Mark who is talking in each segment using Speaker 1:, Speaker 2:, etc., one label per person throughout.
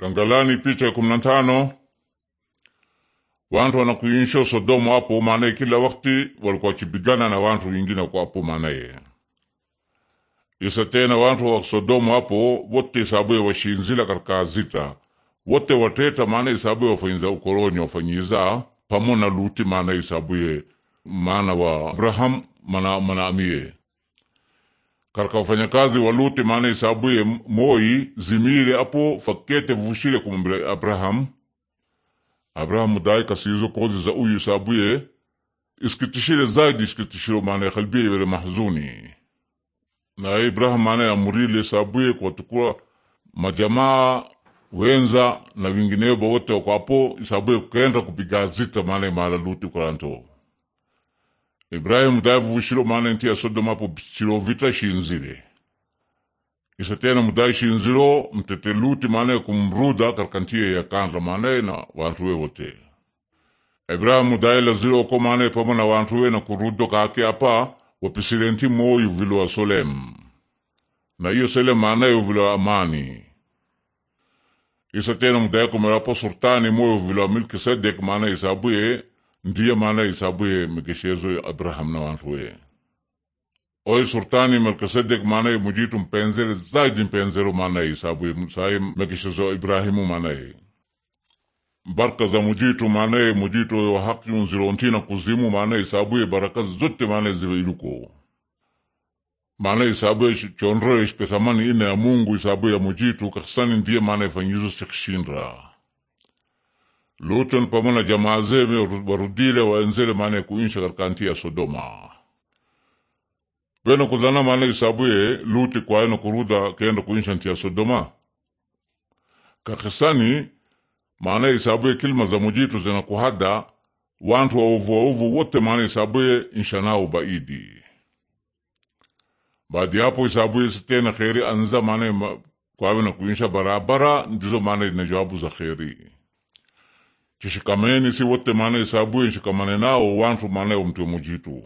Speaker 1: Langalani picha ya kumi na tano wantu wanakuinsho Sodomu apo maanaye kila wakti walikuwa kibigana na wantu wingine kwa apo manaye isa tena wantu wa Sodomu apo wote isabuye washinzila katika zita wote wateta maana isabuye wafanyiza ukoloni wafanyiza pamo na Luti maana isabuye maana wa Abraham mana, mana amie karaka wafanyakazi wa Luti maana isabuye moi zimire apo fakete vushire kumwambira Abrahamu Abrahamu dai kasizo kozi za uyu isabuye iskitishire zaidi iskitishilo maana kalbie were mahzuni na Ibrahim maana amurile isabuye kwatukua majamaa wenza na wingineo wote wako apo isabuye kenda kupiga zita maana mara Luti kwalanto Ibrahimu dai vushiro maana nti ya Sodoma po shilo vita shinzile isa tena mudai shinzilo mtete Luti maana kumruda katika ya kanza maana na wantu wote Ibrahimu dai lazilo ko pamo na wantuwe na kurudo kake apa wapisile nti moyo vilo wa Solem na iyo sele maana yo vilo wa amani isa tena mudai kumerapo sultani moyo vilo wa Melkisedek maana isabuye ndiyo maana isabuye ya abraham na wantuye oyi sultani melkisedek maanaye mujitu mpenzere zaidi mpenzero maanaye isabuye sai ya ibrahimu maanaye baraka za mujitu maanaye mujitu oyo haki unzirontina kuzimu maanaye isabuye baraka zote maanaye zive iluko maanaye isabuye chondro ishpesamani ine ya mungu isabuye ya mujitu kaksani ndiye maanaye fanyizo sikishindra Luton pamoja na warudile waenzele maana kuinsha katika ya Sodoma. Beno kuzana maana isabuye Luti kwaeno kuruda kenda kuinsha nti ya Sodoma. Kakisani maana isabuye kilima za mujitu zina kuhada wantu wa uvu wa uvu wote maana isabuye inshanao baidi. Baadi hapo isabuye sitena kheri anza maana kwaeno kuinsha barabara ndizo maana ina jawabu za kheri. Chishikameni si wote maana isabue ishikamane nao wantu mane umtwe mujitu.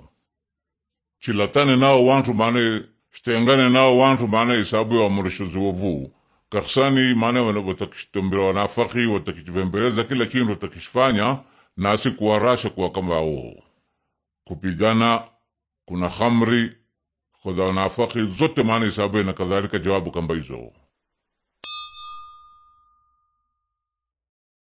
Speaker 1: Chilatane nao wantu mane shitengane nao wantu maana isabue wamurisho zuovu. Karsani maana watakishitumbira wanafaki, watakishivembeleza kila kintu watakishifanya nasi kuwarasha kuwa kama wao. Kupigana kuna hamri kwa wanafaki zote maana isabue na kadhalika jawabu kamba hizo.